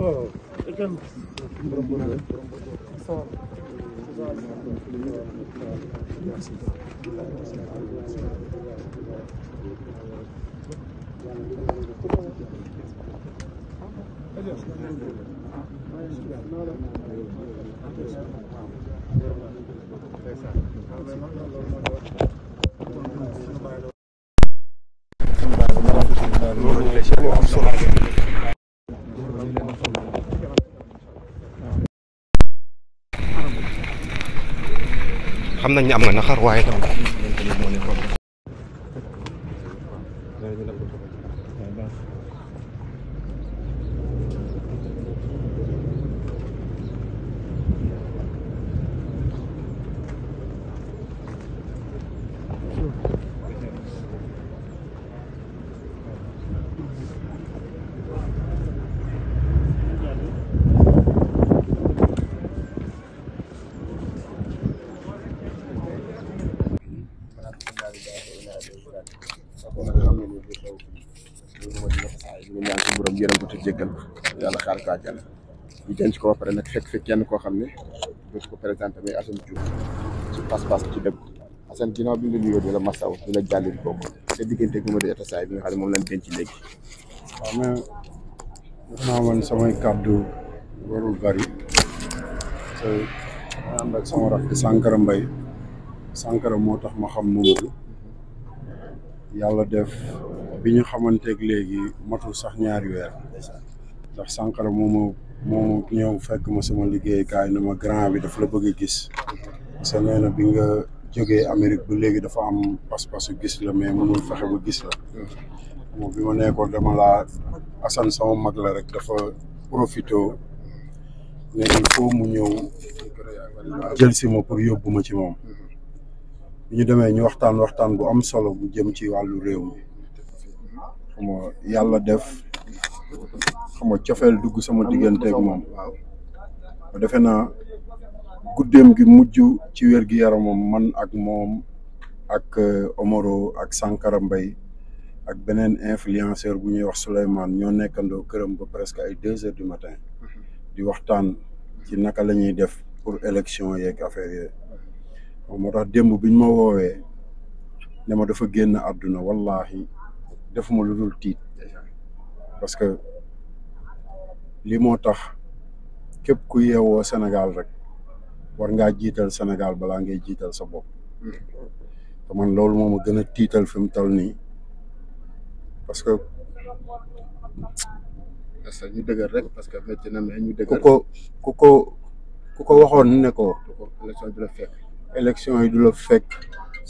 Oh, hocam. Sağ olun. Thank you. xam nañ ne am nga naxar waaye yërëm bu te jéggal ko yàlla xaar ko àjjana ñu denc ko ba pare nag fekk fekk kenn koo xam ne dootu ko présenté muy Assane Diouf ci pas-pas ci bi di la masaw di la jàllil kooku sa diggante ak Mamadou Atassaye bi nga xam ne moom lañ denc léegi. waaw mais wax naa man samay kàddu warul bari parce que ma sama rakk Sankara Mbaye Sankara moo tax ma xam Mamadou yàlla def. bi ñu xamanteeg léegi matul sax ñaari weer ndax Sankara moomu moomu ñëw fekk ma sama liggéeykaay na ma grand bi dafa la bëgg a gis parce bi nga jógee Amérique bu léegi dafa am pas-pasu gis la mu mënul fexe ba gis la moom bi ma nekkoon dama laa Assane sama mag la rek dafa profité ne il mu ñëw jël si ma pour yóbbu ma ci moom bi ñu demee ñu waxtaan waxtaan bu am solo bu jëm ci wàllu réew mi xama yàlla def xama cofeel dugg sama diggante moom waaw ba defe naa gi mujj ci wér gi yaramam man ak moom ak euh, Omaro ak Sankara Mbaye ak beneen influenceur bu ñuy wax Souleymane ñoo nekkandoo këram ba presque ay deux heures du matin di waxtaan ci naka la ñuy def pour élection yeeg affaire yooyu moo tax démb ma woowee ne ma dafa génn àdduna wallahi defuma lu dul tiit parce que li moo tax képp ku yeewoo senegal rek war ngaa jiital senegal balaa ngay jiital sa bopp te man loolu moo ma tiital fi mu toll nii parce que parce que ñu dëgër rek parce que métti na mais ko ku ko ku ko waxoon ne ko élection yi du la fekk élection yi du la fekk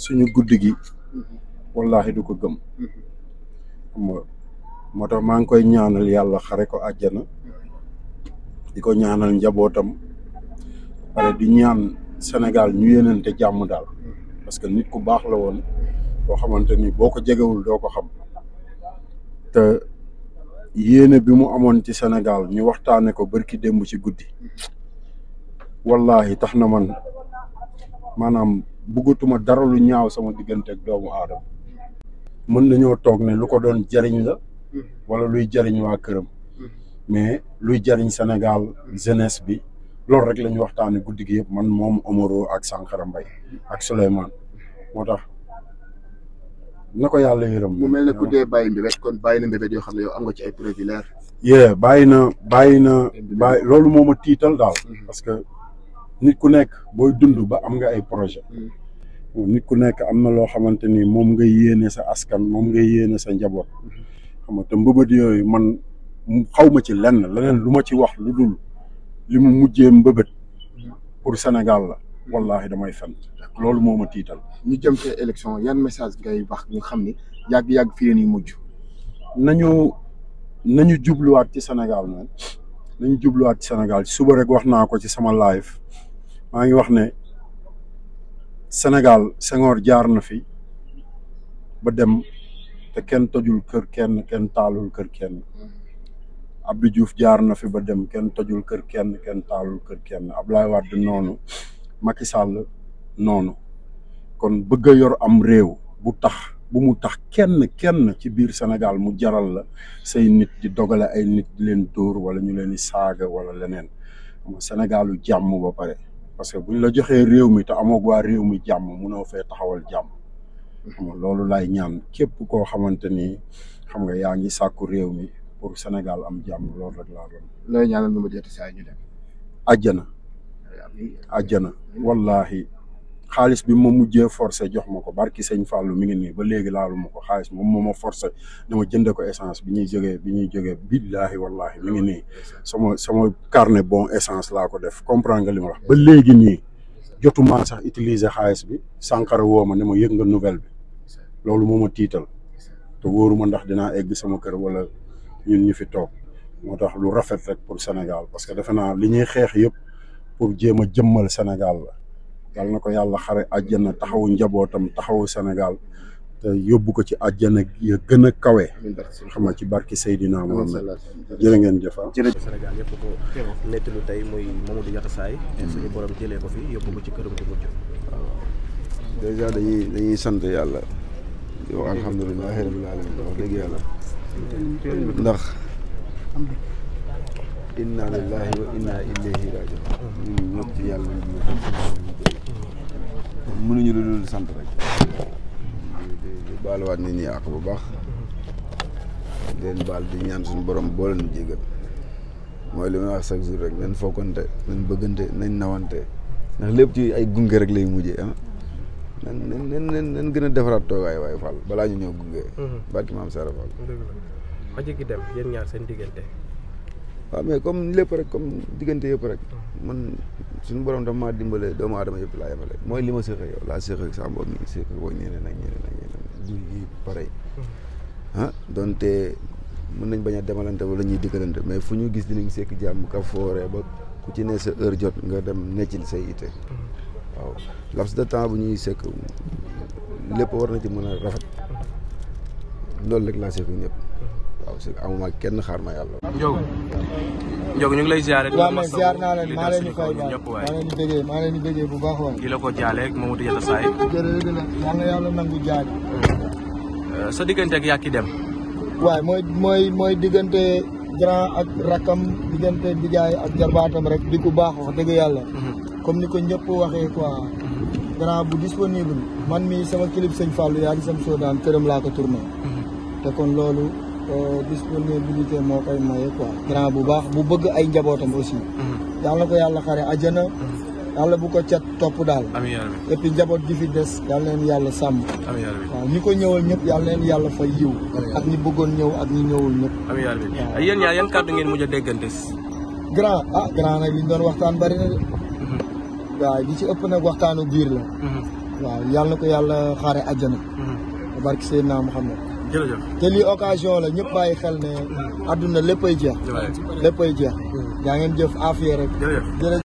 suñu guddi gi mm-hmm. wallahi du ko gëm mm-hmm. moo tax maa ngi koy ñaanal yàlla xare ko àjjana di ko ñaanal njabootam pare di ñaan Sénégal ñu yéenante jàmm daal parce que nit ku baax la woon boo xamante ni boo ko jegewul doo ko xam te yéene bi mu amoon ci Sénégal ñu waxtaane ko bërki démb ci guddi wallahi tax na man maanaam bëggatuma dara lu ñaaw sama diggante ak doomu aadama mën na nañoo toog ne lu ko doon jariñ la mhm. wala luy jariñ waa këram mhm. mais luy jariñ Sénégal jeunesse bi loolu rek la ñu waxtaanee guddi gi yëpp man moom Omaro ak Sankara ak Souleymane moo tax na ko yàlla yërëm. mu mel ne ku dee bàyyi mbébét kon bàyyi na mbébét yoo xam ne yow am nga ci ay preuve bàyyi na bàyyi na loolu moo ma tiital daal. Mhm. parce que nit ku nekk booy dund ba am nga ay projet. nit ku nekk am na loo xamante ni moom ngay yéene sa askan moom nga yéene sa njaboot mm-hmm. xam nga te mbëbët yooyu man xaw ma ci lenn leneen lu ma ci wax lu dul li mu mujjee mbëbët mm-hmm. pour Sénégal la wallahi damay fen loolu moo ma tiital. ñu jëm ci élection yan message ngay wax ñu xam ni yàgg-yàgg fi leen mujj. nañu jubluwaat ci Sénégal man nañu jubluwaat ci Sénégal suba rek wax naa ko ci sama live maa ngi wax ne. Sénégal Senghor jaar na fi ba dem te kenn tojul kër kenn kenn taalul kër kenn Abdou Diouf jaar na fi ba dem kenn tojul kër kenn kenn taalul kër kenn Abdoulaye Wade noonu Macky Sall noonu kon bëgg a yor am réew bu tax bu mu tax kenn kenn ci biir senegal mu jaral la say nit di dogale ay nit di leen dóor wala ñu leen di saaga wala leneen senegalu jàmm ba pare parce que buñ la joxee réew mi te amoo waa réew mi jàmm munoo fee taxawal jàmm loolu laay ñaan képp koo xamante ni xam nga yaa ngi sàkku réew mi pour Sénégal am jàmm loolu rek laa doon. lay saa ñu dem. àjjana. àjjana xaalis bi ma mujjee forcé jox ma ko barki sëñ Fallou mi ngi nii ba léegi laalu ma ko xaalis moom moo ma forcé dama jënd ko essence bi ñuy jógee bi ñuy jógee billaahi wallaahi mu ngi nii sama sama carnet bon essence laa ko def comprendre nga li ma wax ba léegi nii jotumaa sax utiliser xaalis bi Sankara woo ma ne ma yëg nga nouvelle bi loolu moom ma tiital te wóoruma ndax dinaa egg sama kër wala ñun ñu fi toog moo tax lu rafet rek pour Sénégal parce que defe naa li ñuy xeex yëpp pour jéem a jëmmal Sénégal yàlla na ko yàlla xare àjjana taxawu njabootam taxawu Sénégal te yóbbu ko ci àjjana ya gën a kawe xam nga ci barki Seydina Mohamed jërë ngeen jëfa ah. Sénégal yëpp ko nettalu tey muy Mamadou Yaxasaay hmm. suñu borom ko fi yóbbu ko ci këram ko mucc waaw dañuy dañuy sant yàlla di wax alhamdulilahi rabbil alamin ndax inna lillahi wa mënuñu lu dul sant rek di di baaluwaat nit ñi bu baax leen baal di ñaan suñu borom boo leen jégal mooy li ma wax chaque jour rek nañ fokkante nañ bëggante nañ nawante ndax lépp ci ay gunge rek lay mujjee ah nan nan nan nan gën a defaraat toogaay waaye Fall balaa ñu ñëw gunge. Mm-hmm. barki maam Sara Fall. dëgg la dem yéen ñaar seen diggante. waaw mais comme lépp rek comme diggante yëpp rek man suñu borom dama maa dimbale doomu adama yëpp laa yemale mooy li ma séq yow laa séq ak Samba mi séq ak ñeneen ak ñeneen ak ñeneen du yi pareil ah donte mën nañ bañ a demalante wala ñuy diggalante mais fu ñu gis dinañ sekk jàmm ka foore ba ku ci ne sa heure jot nga dem neccil say ite waaw laps de temps bu ñuy sekk lépp war na ci mën rafet loolu rek laa sekk ñëpp waaw si amuma kenn xaar ma yàlla. Ndiogu Ndiogu ñu lay ziare. waaw man ziar naa leen maa leen di fay ba maa leen di bëggee maa leen di bëggee bu baax waay. di la ko jaale ak Mamadou Diatta Saay. jërëjëf nangu jaay. Euh, sa diggante ak Yaki dem waaw mooy mooy mooy diggante grand ak rakam diggante Ndiaye ak jarbaatam rek di ku baax wax dëgg yàlla. Mhm. comme ni ko ñëpp waxee quoi. grand bu disponible man mi sama clip sëñ Fallou yaa ngi sam soo këram laa ko tourné. Mhm. te kon loolu. disponibilité moo koy maye quoi. grand bu baax bu bëgg ay njabootam aussi. Mhm. yàlla ko yàlla xare àjjana. Mhm. yàlla bu ko cat topp daal. amiin et njaboot gi fi des yàlla leen yàlla sàmm. amiin ñi ko ñëwal ñëpp yàlla leen yàlla fay yiw. ak ñi bëggoon ñëw ak ñi ñëwul ñëpp. amiin waaw yéen ñaar yan kàddu ngeen mujj a déggante grand ah grand nag li doon waxtaan bari na de. Mhm. waaw li ci ëpp nag waxtaanu giir la. waaw yàlla na ko yàlla xaare àjjana. barke Seydina Muhammad te lii la ñëpp bàyyi xel ne adduna léppay jeex léppay jeex mm. yaa ngeen jëf affaire rek